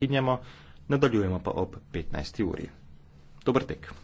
prekinjamo, nadaljujemo pa ob 15. uri. Dober tek.